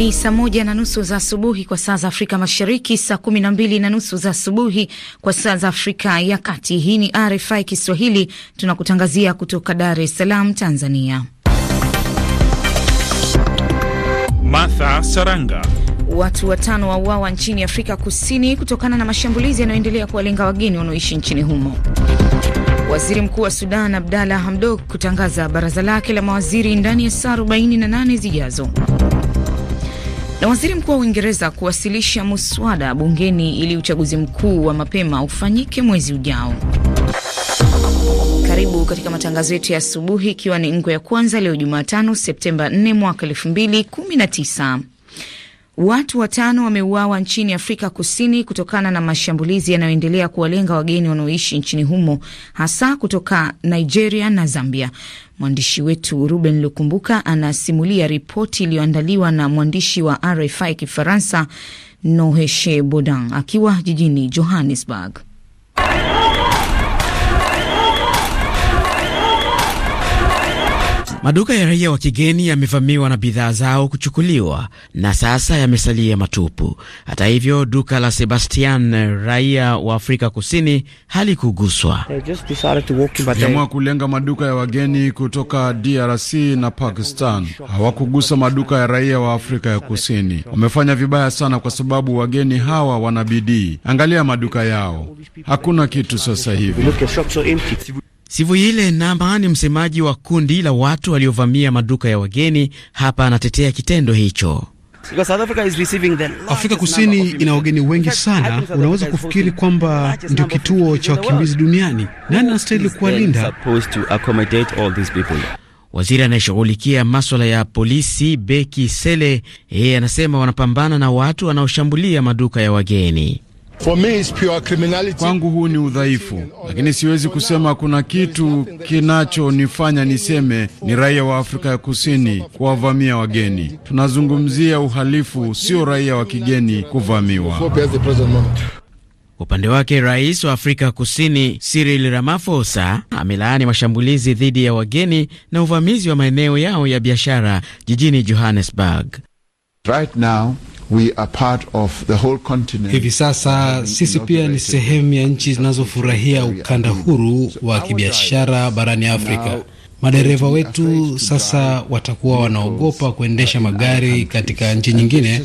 Ni saa moja na nusu za asubuhi kwa saa za Afrika Mashariki, saa kumi na mbili na nusu za asubuhi kwa saa za Afrika ya Kati. Hii ni RFI Kiswahili, tunakutangazia kutoka Dar es Salaam, Tanzania. Martha Saranga. Watu watano wauawa nchini Afrika Kusini kutokana na mashambulizi yanayoendelea kuwalenga wageni wanaoishi nchini humo. Waziri Mkuu wa Sudan Abdalla Hamdok kutangaza baraza lake la mawaziri ndani ya saa 48 zijazo. Na waziri mkuu wa Uingereza kuwasilisha muswada bungeni ili uchaguzi mkuu wa mapema ufanyike mwezi ujao. Karibu katika matangazo yetu ya asubuhi, ikiwa ni ngo ya kwanza leo Jumatano Septemba 4 mwaka 2019. Watu watano wameuawa nchini Afrika Kusini kutokana na mashambulizi yanayoendelea kuwalenga wageni wanaoishi nchini humo hasa kutoka Nigeria na Zambia. Mwandishi wetu Ruben Lukumbuka anasimulia ripoti iliyoandaliwa na mwandishi wa RFI Kifaransa Noheshe Bodan akiwa jijini Johannesburg. Maduka ya raia wa kigeni yamevamiwa na bidhaa zao kuchukuliwa na sasa yamesalia matupu. Hata hivyo, duka la Sebastian, raia wa Afrika Kusini, halikuguswa. Tuliamua kulenga maduka ya wageni kutoka DRC na Pakistan, hawakugusa maduka ya raia wa Afrika ya Kusini. Wamefanya vibaya sana, kwa sababu wageni hawa wana bidii. Angalia maduka yao, hakuna kitu sasa hivi. Sivuyile namba ni msemaji wa kundi la watu waliovamia maduka ya wageni hapa, anatetea kitendo hicho. Afrika Kusini ina wageni wengi sana, unaweza kufikiri kwamba ndio kituo cha wakimbizi duniani. Nani anastahili kuwalinda? Waziri anayeshughulikia maswala ya polisi Beki Sele, yeye anasema wanapambana na watu wanaoshambulia maduka ya wageni. Kwangu huu ni udhaifu, lakini siwezi kusema kuna kitu kinachonifanya niseme ni raia wa Afrika ya Kusini kuwavamia wageni. Tunazungumzia uhalifu, sio raia wa kigeni kuvamiwa. Upande wake rais wa Afrika Kusini Cyril Ramaphosa amelaani mashambulizi dhidi ya wageni na uvamizi wa maeneo yao ya biashara jijini Johannesburg. Right now, we are part of the whole continent. Hivi sasa uh, sisi pia ni sehemu ya nchi zinazofurahia ukanda huru wa kibiashara barani Afrika. Madereva wetu sasa watakuwa wanaogopa kuendesha magari katika nchi nyingine,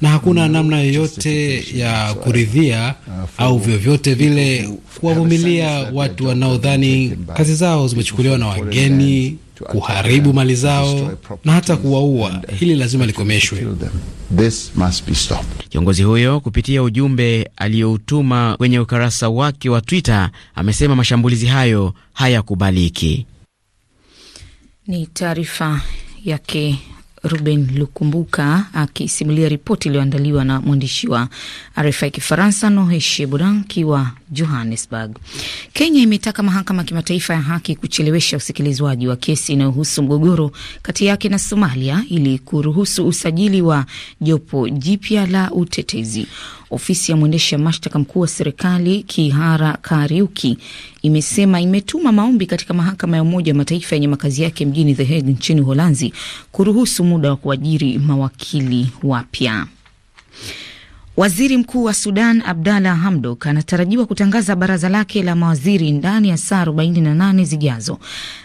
na hakuna namna yoyote ya kuridhia uh, au vyovyote vile kuwavumilia watu wanaodhani kazi zao zimechukuliwa na wageni kuharibu mali zao na hata kuwaua. Hili lazima likomeshwe. Kiongozi huyo kupitia ujumbe aliyoutuma kwenye ukurasa wake wa Twitter amesema mashambulizi hayo hayakubaliki. Ni taarifa yake Ruben Lukumbuka akisimulia ripoti iliyoandaliwa na mwandishi wa RFI Kifaransa Nohe Sheburan kiwa Johannesburg. Kenya imetaka mahakama ya kimataifa ya haki kuchelewesha usikilizwaji wa kesi inayohusu mgogoro kati yake na Somalia ili kuruhusu usajili wa jopo jipya la utetezi. Ofisi ya mwendesha mashtaka mkuu wa serikali Kihara Kariuki imesema imetuma maombi katika mahakama ya Umoja wa Mataifa yenye makazi yake mjini The Hague nchini Uholanzi kuruhusu muda wa kuajiri mawakili wapya. Waziri Mkuu wa Sudan Abdalla Hamdok anatarajiwa kutangaza baraza lake la mawaziri ndani ya saa 48 zijazo.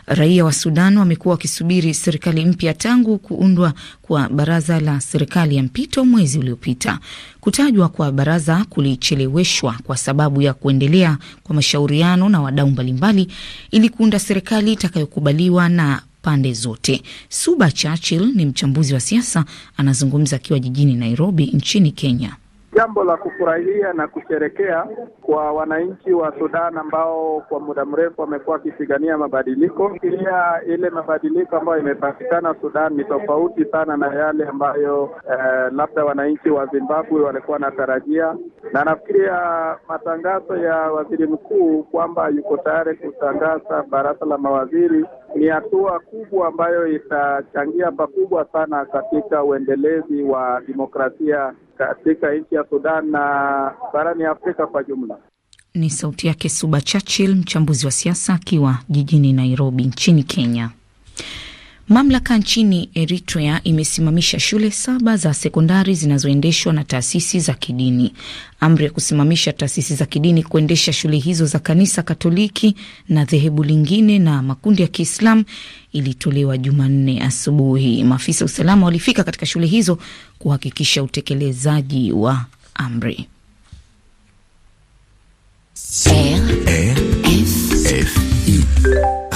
Raia wa Sudan wamekuwa wakisubiri serikali mpya tangu kuundwa kwa baraza la serikali ya mpito mwezi uliopita. Kutajwa kwa baraza kulicheleweshwa kwa sababu ya kuendelea kwa mashauriano na wadau mbalimbali ili kuunda serikali itakayokubaliwa na pande zote. Suba Churchill ni mchambuzi wa siasa, anazungumza akiwa jijini Nairobi nchini Kenya jambo la kufurahia na kusherekea kwa wananchi wa Sudan ambao kwa muda mrefu wamekuwa wakipigania mabadiliko. Pia ile mabadiliko ambayo imepatikana Sudan ni tofauti sana na yale ambayo eh, labda wananchi wa Zimbabwe walikuwa wanatarajia, na nafikiria matangazo ya waziri mkuu kwamba yuko tayari kutangaza baraza la mawaziri ni hatua kubwa ambayo itachangia pakubwa sana katika uendelezi wa demokrasia katika nchi ya Sudan na barani Afrika kwa jumla. Ni sauti yake Suba Churchill, mchambuzi wa siasa akiwa jijini Nairobi nchini Kenya. Mamlaka nchini Eritrea imesimamisha shule saba za sekondari zinazoendeshwa na taasisi za kidini. Amri ya kusimamisha taasisi za kidini kuendesha shule hizo za kanisa Katoliki na dhehebu lingine na makundi ya Kiislamu ilitolewa Jumanne asubuhi. Maafisa usalama walifika katika shule hizo kuhakikisha utekelezaji wa amri.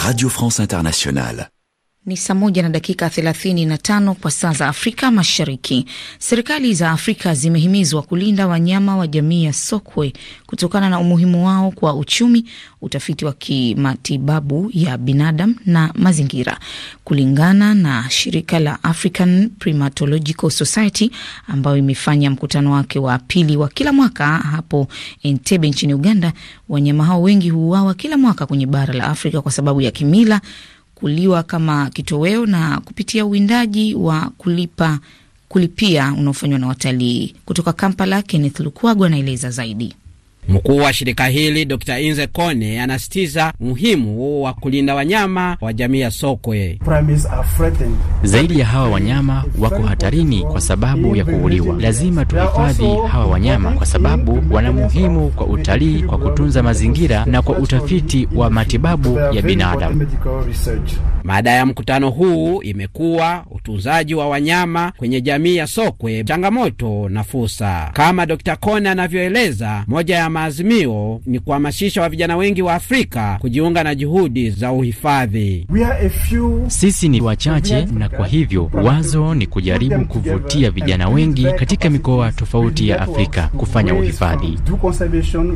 Radio France Internationale. Ni saa moja na dakika 35 kwa saa za Afrika Mashariki. Serikali za Afrika zimehimizwa kulinda wanyama wa jamii ya sokwe kutokana na umuhimu wao kwa uchumi, utafiti wa kimatibabu ya binadamu na mazingira. Kulingana na shirika la African Primatological Society ambayo imefanya mkutano wake wa pili wa kila mwaka hapo Entebbe nchini Uganda, wanyama hao wengi huuawa kila mwaka kwenye bara la Afrika kwa sababu ya kimila kuliwa kama kitoweo na kupitia uwindaji wa kulipa kulipia unaofanywa na watalii. Kutoka Kampala, Kenneth Lukwago anaeleza zaidi. Mkuu wa shirika hili Dr. Inze Kone anasitiza umuhimu wa kulinda wanyama wa jamii ya sokwe. Zaidi ya hawa wanyama wako hatarini kwa sababu ya kuuliwa. Lazima tuhifadhi hawa wanyama kwa sababu wana muhimu kwa utalii, kwa kutunza mazingira na kwa utafiti wa matibabu ya binadamu. Mada ya mkutano huu imekuwa utunzaji wa wanyama kwenye jamii ya sokwe, changamoto na fursa, kama Dr. Kone anavyoeleza moja ya maazimio ni kuhamasisha wa vijana wengi wa Afrika kujiunga na juhudi za uhifadhi. Sisi ni wachache, na kwa hivyo wazo ni kujaribu kuvutia vijana wengi katika mikoa tofauti ya Afrika kufanya uhifadhi.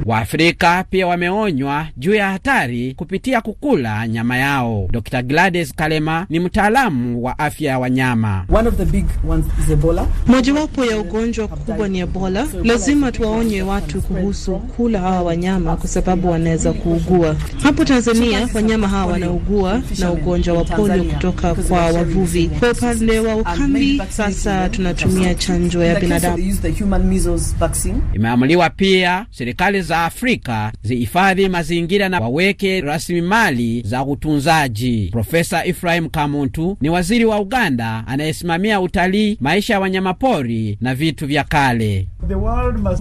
Waafrika pia wameonywa juu ya hatari kupitia kukula nyama yao. Dr. Gladys Kalema ni mtaalamu wa afya ya wanyama. Mojawapo ya ugonjwa kubwa ni Ebola. Lazima tuwaonye watu kuhusu kula hawa wanyama kwa sababu wanaweza kuugua. Hapo Tanzania wanyama hawa wanaugua na ugonjwa wa polio kutoka kwa wavuvi. Kwa upande wa ukambi, sasa tunatumia chanjo ya binadamu. Imeamuliwa pia serikali za Afrika zihifadhi mazingira na waweke rasilimali za utunzaji. Profesa Ibrahim Kamuntu ni waziri wa Uganda anayesimamia utalii, maisha ya wanyamapori na vitu vya kale.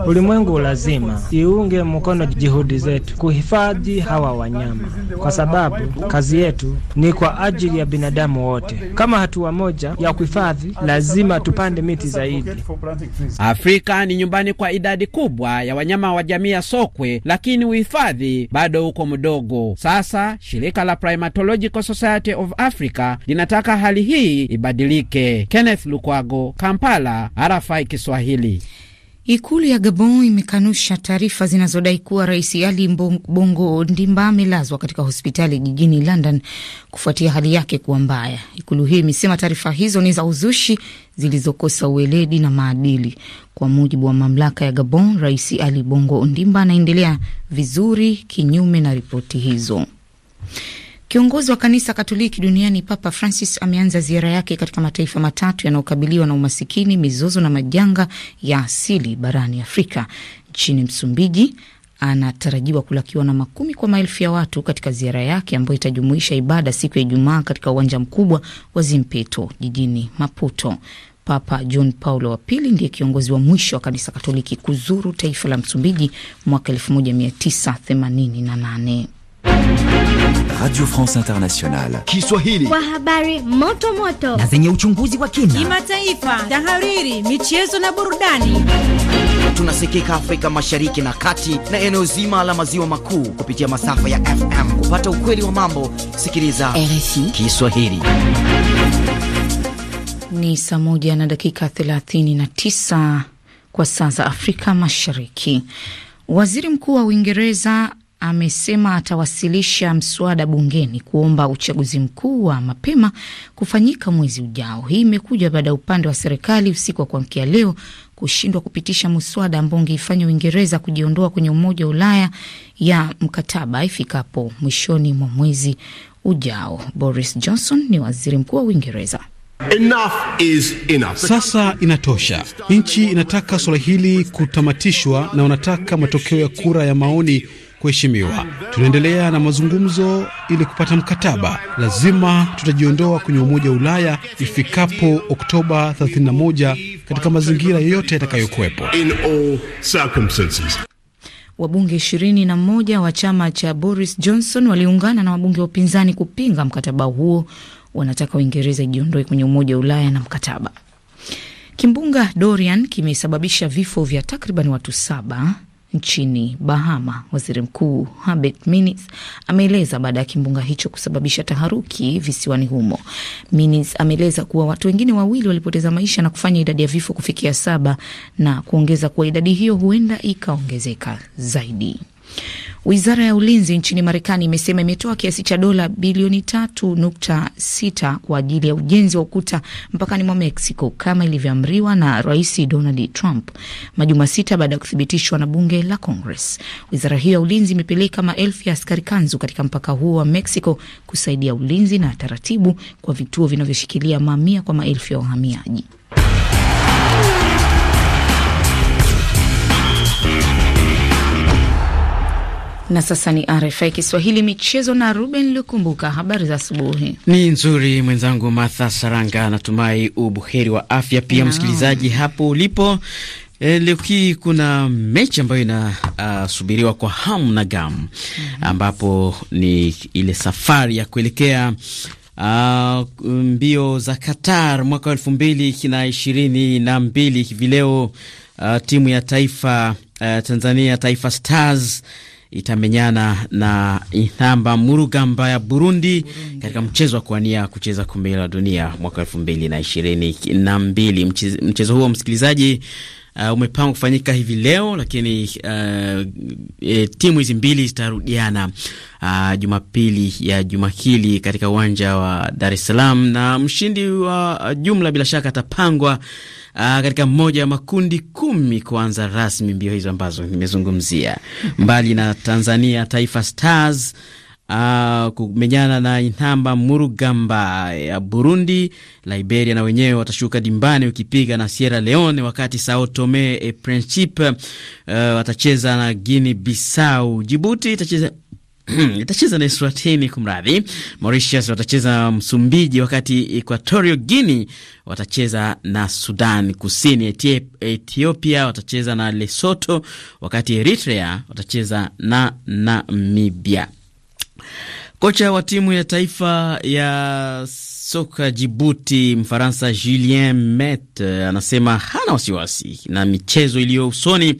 Ulimwengu lazima iu tuunge mkono juhudi zetu kuhifadhi hawa wanyama, kwa sababu kazi yetu ni kwa ajili ya binadamu wote. Kama hatua moja ya kuhifadhi, lazima tupande miti zaidi. Afrika ni nyumbani kwa idadi kubwa ya wanyama wa jamii ya sokwe, lakini uhifadhi bado uko mdogo. Sasa shirika la Primatological Society of Africa linataka hali hii ibadilike. Kenneth Lukwago, Kampala, RFI Kiswahili. Ikulu ya Gabon imekanusha taarifa zinazodai kuwa rais Ali Bongo Ndimba amelazwa katika hospitali jijini London kufuatia hali yake kuwa mbaya. Ikulu hiyo imesema taarifa hizo ni za uzushi zilizokosa uweledi na maadili. Kwa mujibu wa mamlaka ya Gabon, rais Ali Bongo Ondimba anaendelea vizuri, kinyume na ripoti hizo. Kiongozi wa kanisa Katoliki duniani Papa Francis ameanza ziara yake katika mataifa matatu yanayokabiliwa na umasikini, mizozo na majanga ya asili barani Afrika. Nchini Msumbiji anatarajiwa kulakiwa na makumi kwa maelfu ya watu katika ziara yake ambayo itajumuisha ibada siku ya Ijumaa katika uwanja mkubwa wa Zimpeto jijini Maputo. Papa John Paulo wa pili ndiye kiongozi wa mwisho wa kanisa Katoliki kuzuru taifa la Msumbiji mwaka 1988. Radio France Internationale. Kiswahili. Kwa habari moto moto na zenye uchunguzi wa kina, kimataifa, tahariri, michezo na burudani. Tunasikika Afrika Mashariki na Kati na eneo zima la maziwa makuu kupitia masafa ya FM. Kupata ukweli wa mambo, sikiliza RFI Kiswahili. Ni saa moja na dakika 39 kwa saa za Afrika Mashariki. Waziri Mkuu wa Uingereza amesema atawasilisha mswada bungeni kuomba uchaguzi mkuu wa mapema kufanyika mwezi ujao. Hii imekuja baada ya upande wa serikali usiku wa kuamkia leo kushindwa kupitisha mswada ambao ungeifanya Uingereza kujiondoa kwenye Umoja wa Ulaya ya mkataba ifikapo mwishoni mwa mwezi ujao. Boris Johnson ni waziri mkuu wa Uingereza. Enough is enough. Sasa inatosha. Nchi inataka suala hili kutamatishwa na wanataka matokeo ya kura ya maoni kuheshimiwa. Tunaendelea na mazungumzo ili kupata mkataba. Lazima tutajiondoa kwenye Umoja wa Ulaya ifikapo Oktoba 31 katika mazingira yoyote yatakayokuwepo. Wabunge 21 wa chama cha Boris Johnson waliungana na wabunge wa upinzani kupinga mkataba huo. Wanataka Uingereza ijiondoe kwenye Umoja wa Ulaya na mkataba. Kimbunga Dorian kimesababisha vifo vya takriban watu saba nchini Bahama. Waziri Mkuu Hubert Minnis ameeleza baada ya kimbunga hicho kusababisha taharuki visiwani humo. Minnis ameeleza kuwa watu wengine wawili walipoteza maisha na kufanya idadi ya vifo kufikia saba na kuongeza kuwa idadi hiyo huenda ikaongezeka zaidi. Wizara ya ulinzi nchini Marekani imesema imetoa kiasi cha dola bilioni tatu nukta sita kwa ajili ya ujenzi wa ukuta mpakani mwa Mexico kama ilivyoamriwa na Rais Donald Trump majuma sita baada ya kuthibitishwa na bunge la Congress. Wizara hiyo ya ulinzi imepeleka maelfu ya askari kanzu katika mpaka huo wa Mexico kusaidia ulinzi na taratibu kwa vituo vinavyoshikilia mamia kwa maelfu ya wahamiaji. Na sasa ni RFI Kiswahili michezo na Ruben Lukumbuka. Habari za asubuhi. Ni nzuri mwenzangu Martha Saranga, natumai ubuheri wa afya pia no. Msikilizaji hapo ulipo E, leo hii kuna mechi ambayo inasubiriwa ah, uh, kwa hamu na gamu mm -hmm. ambapo ni ile safari ya kuelekea uh, mbio za Qatar mwaka wa elfu mbili na ishirini na mbili hivi leo uh, timu ya taifa uh, Tanzania Taifa Stars itamenyana na Intamba Murugamba ya Burundi, Burundi, katika mchezo wa kuania kucheza kombe la dunia mwaka elfu mbili na ishirini na mbili. Mchezo huo msikilizaji uh, umepangwa kufanyika hivi leo, lakini uh, e, timu hizi mbili zitarudiana uh, Jumapili ya juma hili katika uwanja wa Dar es Salaam, na mshindi wa jumla bila shaka atapangwa uh, katika mmoja ya makundi kumi kuanza rasmi mbio hizo ambazo nimezungumzia. Mbali na Tanzania Taifa Stars uh, ah, kumenyana na Intamba Murugamba eh, ya Burundi. Liberia na wenyewe watashuka dimbani ukipiga na Sierra Leone, wakati Sao Tome e Principe uh, watacheza na Guinea Bissau. Jibuti itacheza itacheza na Eswatini, kumradhi. Mauritius watacheza Msumbiji, wakati Equatorio Guinea watacheza na Sudan Kusini. Ethiopia watacheza na Lesoto, wakati Eritrea watacheza na Namibia. Kocha wa timu ya taifa ya soka Jibuti, Mfaransa Julien Met anasema hana wasiwasi na michezo iliyo usoni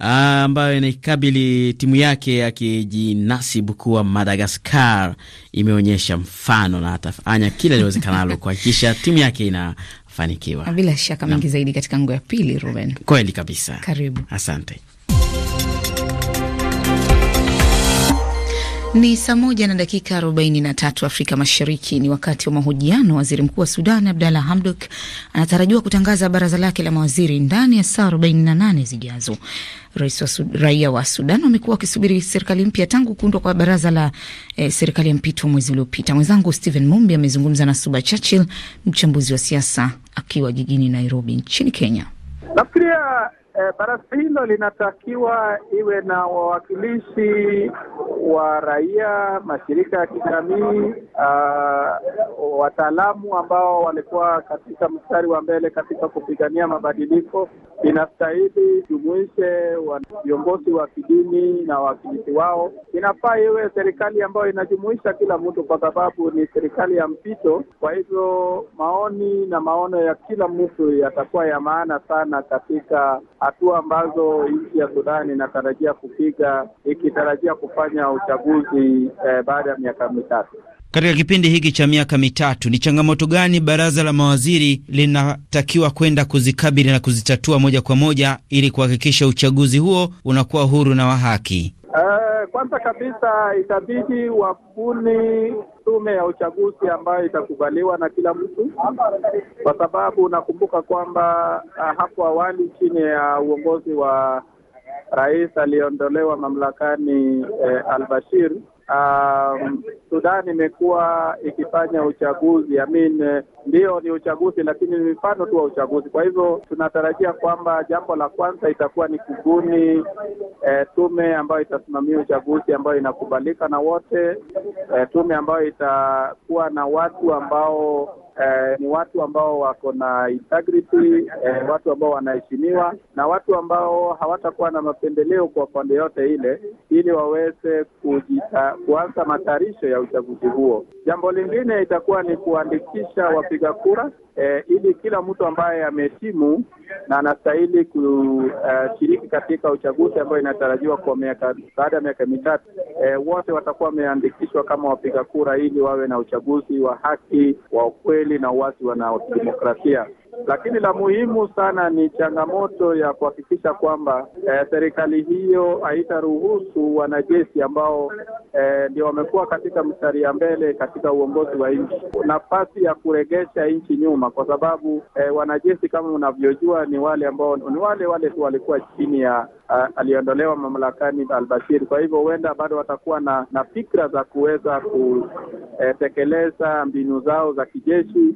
ah, ambayo inaikabili timu yake, akijinasibu kuwa madagascar imeonyesha mfano na atafanya kila liwezekanalo kuhakikisha timu yake inafanikiwa. Bila shaka mengi zaidi katika ngo ya pili, Ruben. Kweli kabisa, karibu. Asante. Ni saa moja na dakika tatu Afrika Mashariki. Ni wakati wa mahojiano. Waziri Mkuu wa Sudan Abdalla Hamdok anatarajiwa kutangaza baraza lake la mawaziri ndani ya saa 48 zijazo. Raia wa Sudan wamekuwa wakisubiri serikali mpya tangu kuundwa kwa baraza la eh, serikali ya mpito mwezi uliopita. Mwenzangu Stephen Mumbi amezungumza na Suba Churchill, mchambuzi wa siasa akiwa jijini Nairobi nchini Kenya. Nafikiria E, eh, baraza hilo linatakiwa iwe na wawakilishi wa raia, mashirika ya kijamii, ah, wataalamu ambao walikuwa katika mstari wa mbele katika kupigania mabadiliko inastahili jumuishe viongozi wa kidini na wawakilishi wao. Inafaa iwe serikali ambayo inajumuisha kila mtu, kwa sababu ni serikali ya mpito. Kwa hivyo maoni na maono ya kila mtu yatakuwa ya maana sana katika hatua ambazo nchi ya Sudani inatarajia kupiga, ikitarajia kufanya uchaguzi eh, baada ya miaka mitatu katika kipindi hiki cha miaka mitatu, ni changamoto gani baraza la mawaziri linatakiwa kwenda kuzikabili na kuzitatua moja kwa moja ili kuhakikisha uchaguzi huo unakuwa huru na wa haki? Uh, kwanza kabisa itabidi wafuni tume ya uchaguzi ambayo itakubaliwa na kila mtu, kwa sababu nakumbuka kwamba uh, hapo awali chini ya uh, uongozi wa rais aliyeondolewa mamlakani eh, Al-Bashir um, Sudan imekuwa ikifanya uchaguzi I mean, ndio ni uchaguzi lakini ni mfano tu wa uchaguzi. Kwa hivyo tunatarajia kwamba jambo la kwanza itakuwa ni kubuni eh, tume ambayo itasimamia uchaguzi ambayo inakubalika na wote eh, tume ambayo itakuwa na watu ambao eh, ni watu ambao wako na integrity eh, watu ambao wanaheshimiwa na watu ambao hawatakuwa na mapendeleo kwa pande yote ile, ili waweze kujita, kuanza matayarisho ya uchaguzi huo. Jambo lingine itakuwa ni kuandikisha wapiga kura eh, ili kila mtu ambaye ameheshimu na anastahili kushiriki eh, uh, katika uchaguzi ambayo inatarajiwa kwa miaka baada ya miaka mitatu e, wote watakuwa wameandikishwa kama wapiga kura ili wawe na uchaguzi wa haki wa ukweli kweli na uasi wa na demokrasia lakini la muhimu sana ni changamoto ya kuhakikisha kwamba eh, serikali hiyo haitaruhusu wanajeshi ambao eh, ndio wamekuwa katika mstari ya mbele katika uongozi wa nchi nafasi ya kuregesha nchi nyuma, kwa sababu eh, wanajeshi kama unavyojua ni wale ambao ni wale wale tu walikuwa chini ya ah, aliondolewa mamlakani Albashir. Kwa hivyo huenda bado watakuwa na, na fikra za kuweza kutekeleza eh, mbinu zao za kijeshi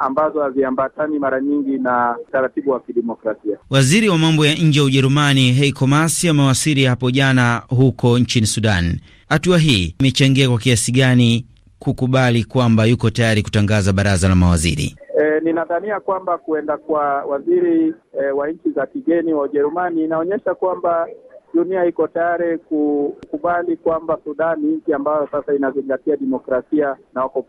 ambazo haziambatani mara nyingi na taratibu wa kidemokrasia. Waziri wa mambo ya nje wa Ujerumani Heiko Maas amewasili hapo jana huko nchini Sudan. Hatua hii imechangia kwa kiasi gani kukubali kwamba yuko tayari kutangaza baraza la mawaziri? E, ninadhania kwamba kuenda kwa waziri e, wa nchi za kigeni wa Ujerumani inaonyesha kwamba dunia iko tayari kukubali kwamba sudan ni nchi ambayo sasa inazingatia demokrasia na wako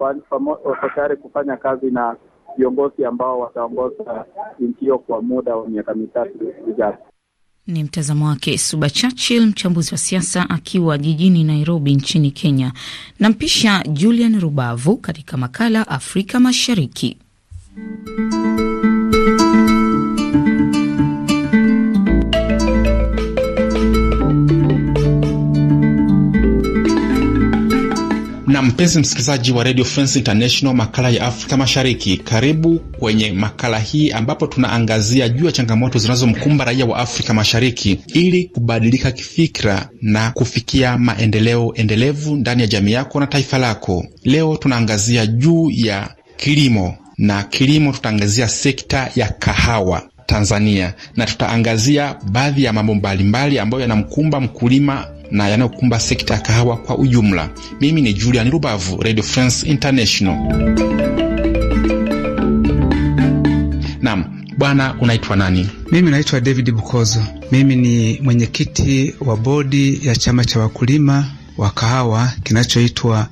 tayari kufanya kazi na viongozi ambao wataongoza nchi hiyo kwa muda wa miaka mitatu ijayo. Ni mtazamo wake Suba Churchill, mchambuzi wa siasa akiwa jijini Nairobi nchini Kenya. Nampisha Julian Rubavu katika makala Afrika Mashariki. Mpenzi msikilizaji wa Radio France International, makala ya Afrika Mashariki, karibu kwenye makala hii ambapo tunaangazia juu ya changamoto zinazomkumba raia wa Afrika Mashariki ili kubadilika kifikira na kufikia maendeleo endelevu ndani ya jamii yako na taifa lako. Leo tunaangazia juu ya kilimo na kilimo, tutaangazia sekta ya kahawa Tanzania na tutaangazia baadhi ya mambo mbalimbali ambayo yanamkumba mkulima na yanayokumba sekta ya kahawa kwa ujumla. Mimi ni Julian Rubavu, Radio France International. Naam. Bwana, unaitwa nani? Mimi naitwa David Bukozo. Mimi ni mwenyekiti wa bodi ya chama cha wakulima wa kahawa kinachoitwa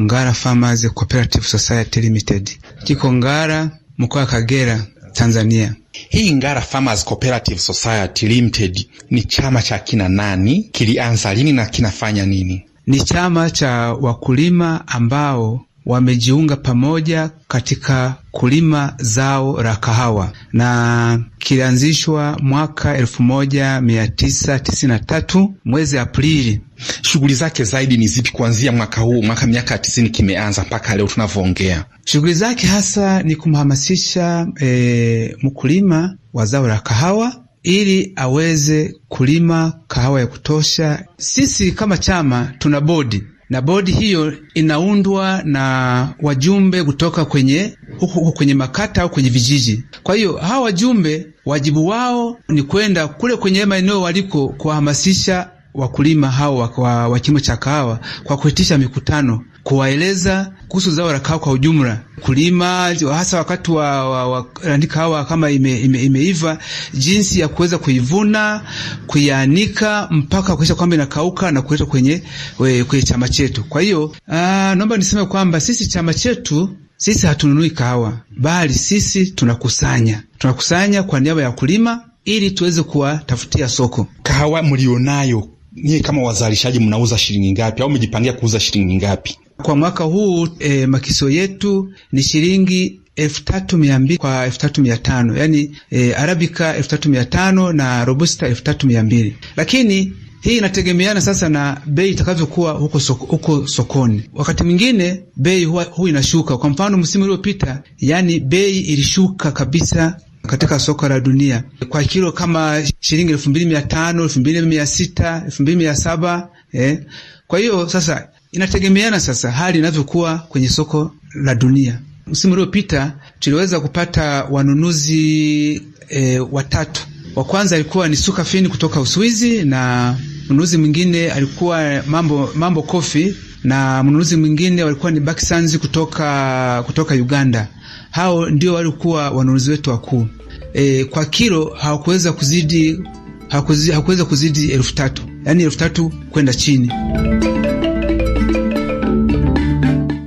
Ngara Farmers Cooperative Society Limited, kiko Ngara, mkoa wa Kagera, Tanzania. Hii Ngara Farmers Cooperative Society Limited ni chama cha kina nani? Kilianza lini na kinafanya nini? Ni chama cha wakulima ambao wamejiunga pamoja katika kulima zao la kahawa na kilianzishwa mwaka elfu moja mia tisa tatu mwezi Aprili. Shughuli zake zaidi ni zipi kuanzia mwaka huu, mwaka miaka tisini kimeanza mpaka leo tunavyoongea? Shughuli zake hasa ni kumhamasisha e, mkulima wa zao la kahawa ili aweze kulima kahawa ya kutosha. Sisi kama chama tuna bodi na bodi hiyo inaundwa na wajumbe kutoka kwenye huko huko kwenye makata au kwenye vijiji. Kwa hiyo hawa wajumbe, wajibu wao ni kwenda kule kwenye maeneo waliko kuwahamasisha wakulima hao wa, wa, wa kilimo cha kahawa kwa kuitisha mikutano kuwaeleza kuhusu zao la kahawa kwa ujumla, kulima hasa wakati wa, wa, wa nani kahawa kama ime, ime, imeiva, jinsi ya kuweza kuivuna, kuianika mpaka kuhakikisha kwamba inakauka na kuleta kwenye, kwenye chama chetu. Kwa hiyo ah, naomba niseme kwamba sisi chama chetu sisi hatununui kahawa, bali sisi tunakusanya, tunakusanya kwa niaba ya wakulima ili tuweze kuwatafutia soko. Kahawa mlionayo nyie kama wazalishaji mnauza shilingi ngapi, au mmejipangia kuuza shilingi ngapi? Kwa mwaka huu e, makisio yetu ni shilingi elfu tatu mia mbili kwa elfu tatu mia tano yani e, arabika elfu tatu mia tano na robusta elfu tatu mia mbili lakini hii inategemeana sasa na bei itakavyokuwa huko, soko, huko sokoni. Wakati mwingine bei huwa, huwa inashuka. Kwa mfano msimu uliopita, yani bei ilishuka kabisa katika soko la dunia kwa kilo kama shilingi elfu mbili mia tano elfu mbili mia sita elfu mbili mia saba eh. Kwa hiyo sasa Inategemeana sasa hali inavyokuwa kwenye soko la dunia. Msimu uliopita tuliweza kupata wanunuzi e, watatu. Wa kwanza alikuwa ni Sukafin kutoka Uswizi na mnunuzi mwingine alikuwa Mambo, Mambo kofi, na mnunuzi mwingine walikuwa ni Baksanzi kutoka, kutoka Uganda. Hao ndio walikuwa wanunuzi wetu wakuu. E, kwa kilo hawakuweza kuzidi hawakuweza kuzidi elfu tatu yaani elfu tatu kwenda chini.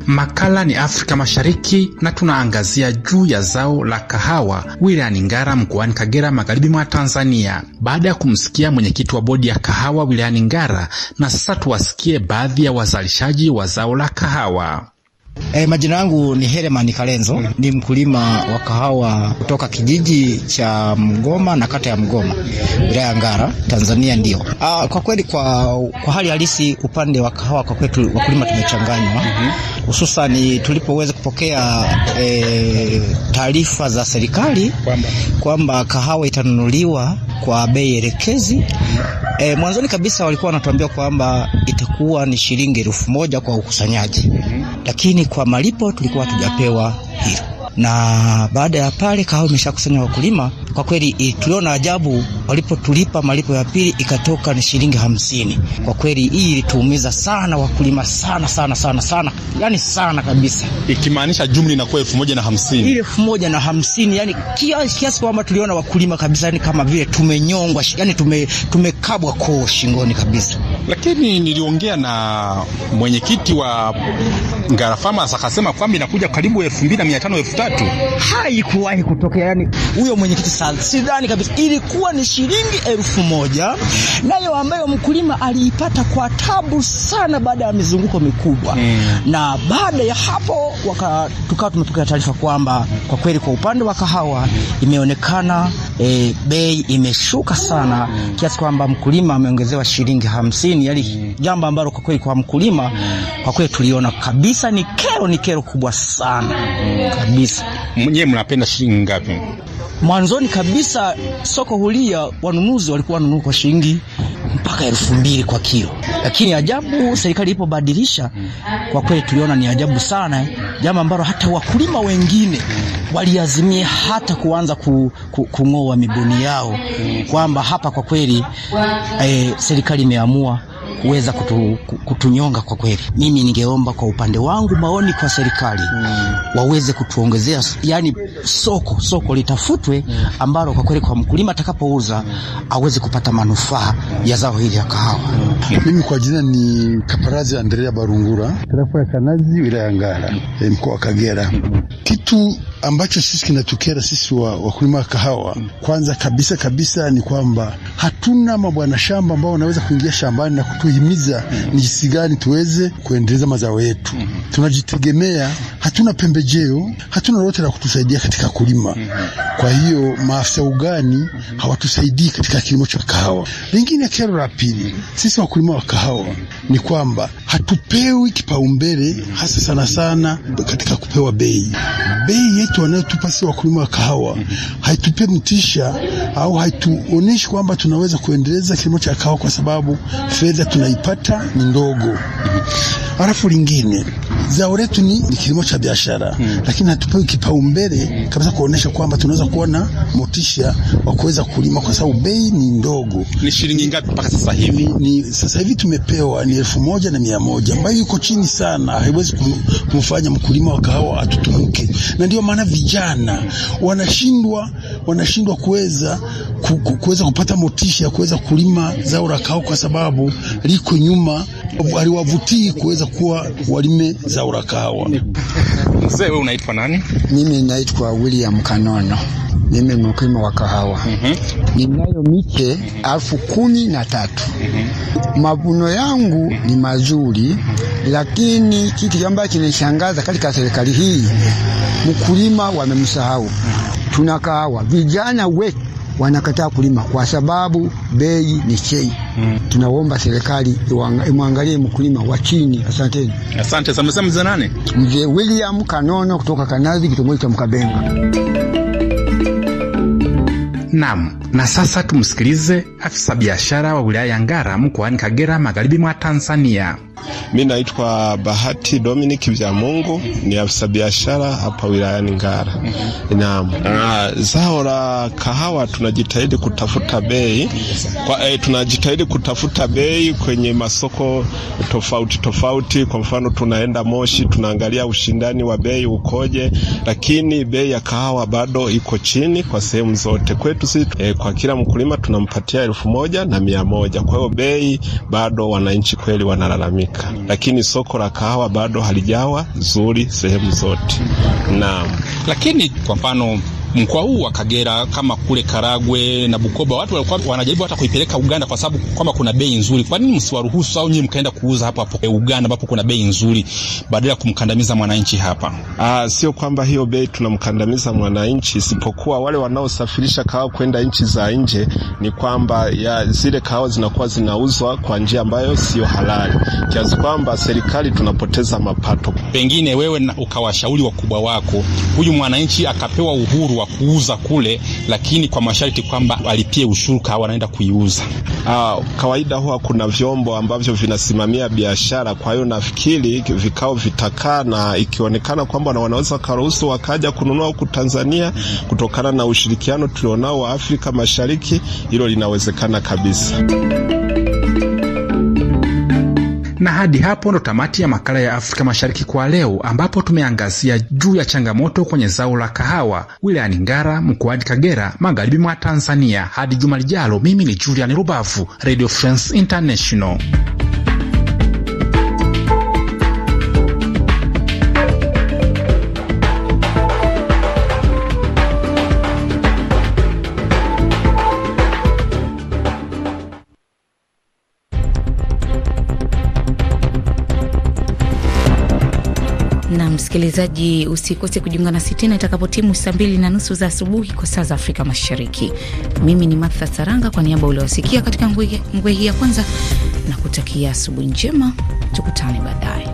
Makala ni Afrika Mashariki na tunaangazia juu ya zao la kahawa wilayani Ngara mkoani Kagera magharibi mwa Tanzania. Baada ya kumsikia mwenyekiti wa bodi ya kahawa wilayani Ngara, na sasa tuwasikie baadhi ya wazalishaji wa zao la kahawa. E, majina yangu ni Heremani Kalenzo, ni mkulima wa kahawa kutoka kijiji cha Mgoma na kata ya Mgoma wilaya ya Ngara, Tanzania. Ndio ah, kwa kweli, kwa, kwa hali halisi upande wa kahawa kwa kwetu wakulima tumechanganywa. mm -hmm hususani tulipoweza kupokea e, taarifa za serikali kwamba kahawa itanunuliwa kwa bei elekezi. E, mwanzoni kabisa walikuwa wanatuambia kwamba itakuwa ni shilingi elfu moja kwa ukusanyaji, lakini kwa malipo tulikuwa hatujapewa hilo na baada ya pale kahawa imeshakusanya wakulima. Kwa kweli tuliona ajabu walipotulipa malipo ya pili ikatoka ni shilingi hamsini. Kwa kweli hii ilituumiza sana wakulima sana sana sana sana, yani sana kabisa, ikimaanisha jumla inakuwa elfu moja na hamsini ile elfu moja na hamsini yani kiasi kiasi kwamba tuliona wakulima kabisa, yani kama vile tumenyongwa, yani tume tumekabwa koo shingoni kabisa lakini niliongea na mwenyekiti wa Ngara Farmers akasema kwamba inakuja karibu 2500 3000. Haikuwahi kutokea yani, huyo mwenyekiti sana, sidhani kabisa. Ilikuwa ni shilingi elfu moja nayo ambayo mkulima aliipata kwa tabu sana baada ya mizunguko mikubwa hmm. Na baada ya hapo tukawa tumepokea taarifa kwamba kwa kweli kwa upande wa kahawa imeonekana e, bei imeshuka sana mm. kiasi kwamba mkulima ameongezewa shilingi hamsini yali mm. jambo ambalo kwa kweli kwa mkulima kwa kweli tuliona kabisa ni kero, ni kero kubwa sana mm. kabisa. Mwenyewe mnapenda shilingi ngapi? Mwanzoni kabisa soko hulia wanunuzi walikuwa wanunua kwa shilingi mpaka elfu mbili kwa kilo, lakini ajabu serikali ilipobadilisha, kwa kweli tuliona ni ajabu sana, jambo ambalo hata wakulima wengine waliazimia hata kuanza ku, ku, kung'oa mibuni yao, kwamba hapa kwa kweli eh, serikali imeamua kuweza kutu, kutunyonga kwa kweli. Mimi ningeomba kwa upande wangu maoni kwa serikali mm. waweze kutuongezea yani soko soko litafutwe mm. ambalo kwa kweli kwa mkulima atakapouza mm. aweze kupata manufaa ya zao hili ya kahawa. Mm. Mimi kwa jina ni Kaparazi Andrea Barungura, tarafa ya Kanazi, wilaya ya Ngara, mkoa wa Kagera kitu ambacho sisi kinatukera sisi wa wakulima wa kahawa, kwanza kabisa kabisa ni kwamba hatuna mabwana shamba ambao wanaweza kuingia shambani na kutuhimiza ni jinsi gani tuweze kuendeleza mazao yetu. Tunajitegemea, hatuna pembejeo, hatuna lolote la kutusaidia katika kulima. Kwa hiyo maafisa ugani hawatusaidii katika kilimo cha kahawa. Lingine, kero la pili sisi wakulima wa kahawa ni kwamba hatupewi kipaumbele, hasa sana sana katika kupewa bei bei yetu wanayotupa si wakulima wa kahawa haitupe mtisha au haituoneshi kwamba tunaweza kuendeleza kilimo cha kahawa kwa sababu fedha tunaipata ni ndogo. Alafu lingine zao ni, ni kilimo cha biashara hmm. Lakini hatupewi kipaumbele kabisa kuonesha kwamba tunaweza kuona motisha wa kuweza kulima kwa sababu bei ni ndogo. Ni shilingi ngapi mpaka sasa hivi? Ni ni sasa hivi tumepewa ni elfu moja na mia moja ambayo iko chini sana, haiwezi kumfanya mkulima wa kahawa atutumuke, na ndio maana vijana wanashindwa wanashindwa kuweza kuweza kupata motisha ya kuweza kulima zao la kahawa kwa sababu liko nyuma, aliwavutii kuweza kuwa walime za Urakawa. Mzee, wewe unaitwa nani? Mimi naitwa William Kanono. Mimi ni mkulima wa kahawa. mm -hmm. Ninayo miche mm -hmm. elfu kumi na tatu. mm -hmm. Mavuno yangu mm -hmm. ni mazuri. mm -hmm. Lakini kitu ambacho kinashangaza katika serikali hii, mhm. mkulima wamemsahau. mm -hmm. Tuna kahawa, vijana wetu wanakataa kulima kwa sababu bei ni chei. Hmm. Tunaomba serikali imwangalie mkulima wa chini. Asanteni. Asante sana. Mzee mzee nani? Mzee William Kanono kutoka Kanazi, kitongoji cha Mkabenga. Naam. Na sasa tumsikilize afisa biashara wa wilaya ya Ngara mkoani Kagera, magharibi mwa Tanzania. Mi naitwa Bahati Dominic vya Mungu, ni afisa biashara hapa wilayani Ngara. Naam, zao la kahawa tunajitahidi kutafuta bei kwa, eh, tunajitahidi kutafuta bei kwenye masoko tofauti tofauti. Kwa mfano tunaenda Moshi, tunaangalia ushindani wa bei ukoje, lakini bei ya kahawa bado iko chini kwa sehemu zote kwetu si eh, kwa kila mkulima tunampatia elfu moja na mia moja. Kwa hiyo bei bado wananchi kweli wanalalamika, lakini soko la kahawa bado halijawa zuri sehemu zote. Naam, lakini kwa mfano mkoa huu wa Kagera kama kule Karagwe na Bukoba, watu walikuwa wanajaribu hata kuipeleka Uganda kwa sababu kwamba kuna bei nzuri. Kwa nini msiwaruhusu au nyinyi mkaenda kuuza hapo hapo e, Uganda ambapo kuna bei nzuri badala ya kumkandamiza mwananchi hapa? Ah, sio kwamba hiyo bei tunamkandamiza mwananchi, isipokuwa wale wanaosafirisha kahawa kwenda nchi za nje ni kwamba ya zile kahawa zinakuwa zinauzwa kwa njia ambayo sio halali, kiasi kwamba serikali tunapoteza mapato. Pengine wewe ukawashauri wakubwa wako, huyu mwananchi akapewa uhuru wa kuuza kule, lakini kwa masharti kwamba walipie ushuru kawa wanaenda kuiuza. Ah, kawaida huwa kuna vyombo ambavyo vinasimamia biashara, kwa hiyo nafikiri vikao vitakaa na ikionekana kwamba na wanaweza karuhusu wakaja kununua huku Tanzania kutokana na ushirikiano tulionao wa Afrika Mashariki, hilo linawezekana kabisa. Na hadi hapo ndo tamati ya makala ya Afrika Mashariki kwa leo, ambapo tumeangazia juu ya changamoto kwenye zao la kahawa wilayani Ngara mkoani Kagera, magharibi mwa Tanzania. Hadi juma lijalo, mimi ni Julian Rubavu, Radio France International. msikilizaji, usikose kujiunga nasi tena itakapotimu saa mbili na nusu za asubuhi kwa saa za Afrika Mashariki. Mimi ni Martha Saranga, kwa niaba uliowasikia katika ngwe hii ya kwanza, na kutakia asubuhi njema, tukutane baadaye.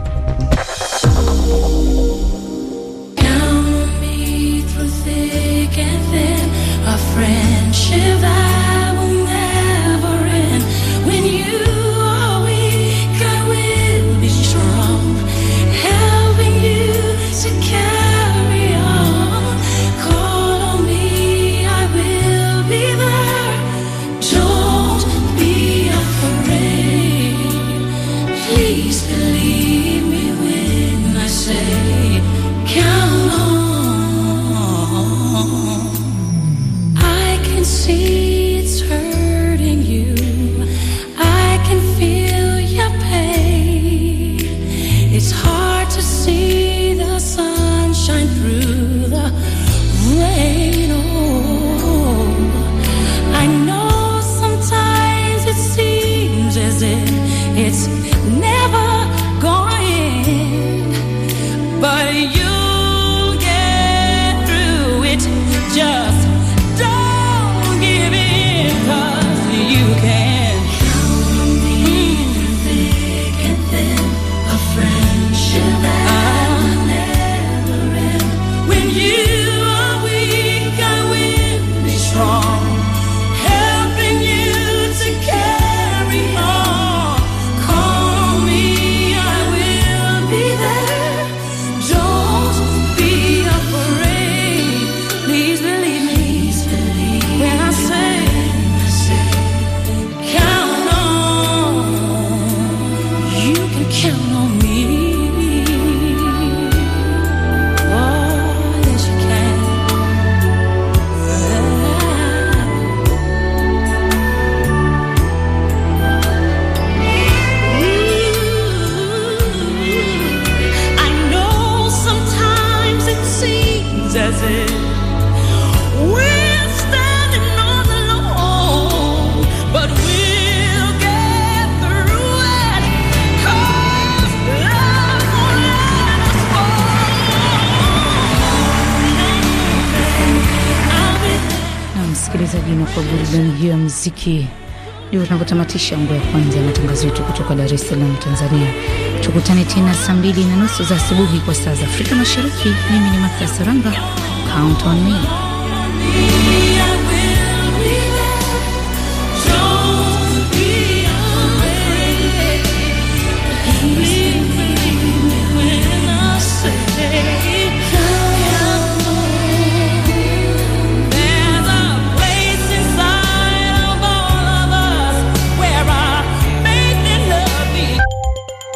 possesses. We're standing on the alone, but Msikilizaji, na kwa burudani hiyo ya muziki ndio tunavyotamatisha ngo ya kwanza ya matangazo yetu kutoka Dar es Salaam, Tanzania. Tukutane tena saa mbili na nusu za asubuhi kwa saa za Afrika Mashariki. Mimi ni Martha Saranga, count on me.